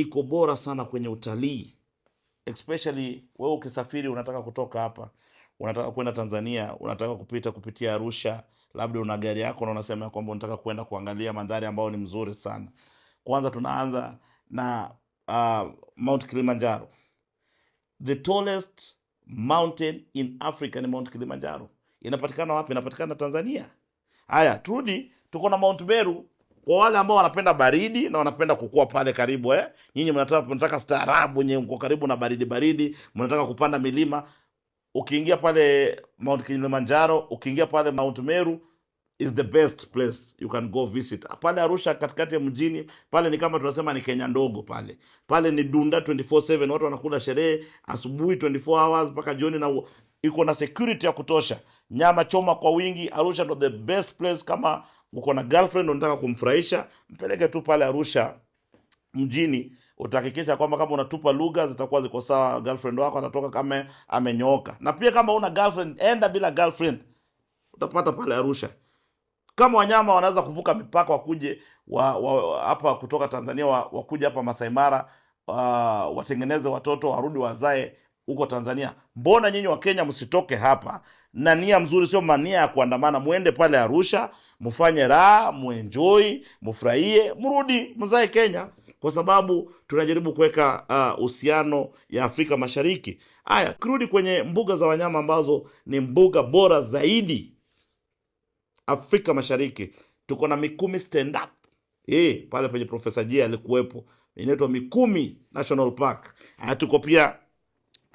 iko bora sana kwenye utalii, especially wewe ukisafiri, unataka kutoka hapa, unataka kwenda Tanzania, unataka kupita kupitia Arusha, labda una gari yako na unasema kwamba unataka kwenda kuangalia mandhari ambayo ni mzuri sana. Kwanza tunaanza na uh, Mount Kilimanjaro. The tallest mountain in Africa ni Mount Kilimanjaro. Inapatikana wapi? Inapatikana Tanzania. Haya, turudi, tuko na Mount Meru kwa wale ambao wanapenda baridi na wanapenda kukua pale karibu eh, nyinyi mnataka mnataka staarabu, nyenye mko karibu na baridi baridi, mnataka kupanda milima, ukiingia pale Mount Kilimanjaro, ukiingia pale Mount Meru is the best place you can go visit. Pale Arusha katikati ya mjini, pale ni kama tunasema ni Kenya ndogo pale. Pale ni dunda 24/7, watu wanakula sherehe asubuhi 24 hours mpaka jioni na iko na security ya kutosha. Nyama choma kwa wingi, Arusha ndo the best place kama uko na girlfriend unataka kumfurahisha, mpeleke tu pale Arusha mjini utahakikisha kwamba kama unatupa lugha zitakuwa ziko sawa. Girlfriend wako atatoka kama amenyooka, na pia kama una girlfriend, enda bila girlfriend, utapata pale Arusha. Kama wanyama wanaweza kuvuka mipaka wakuje wa, wa, wa, hapa kutoka Tanzania wakuja wa, hapa Masai Mara uh, watengeneze watoto warudi wazae huko Tanzania, mbona nyinyi wa Kenya msitoke hapa na nia mzuri, sio mania ya kuandamana? Muende pale Arusha, mfanye raha, muenjoy, mfurahie, mrudi mzae Kenya, kwa sababu tunajaribu kuweka uh, uhusiano ya Afrika Mashariki. Haya, kirudi kwenye mbuga za wanyama ambazo ni mbuga bora zaidi Afrika Mashariki, tuko na Mikumi stand up eh, pale penye Profesa Jia alikuwepo, inaitwa Mikumi National Park. Haya, tuko pia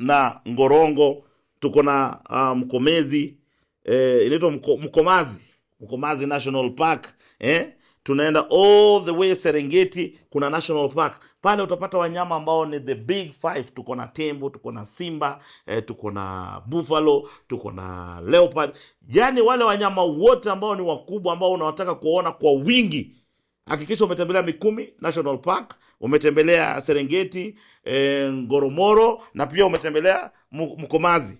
na Ngorongo, tuko na uh, Mkomezi eh, inaitwa mko, Mkomazi Mkomazi National Park eh, tunaenda all the way Serengeti, kuna national park pale, utapata wanyama ambao ni the big five. Tuko na tembo, tuko na simba eh, tuko na buffalo, tuko na leopard, yani wale wanyama wote ambao ni wakubwa ambao unawataka kuwaona kwa wingi Hakikisha umetembelea Mikumi National Park, umetembelea Serengeti, e, Ngoromoro na pia umetembelea Mkomazi.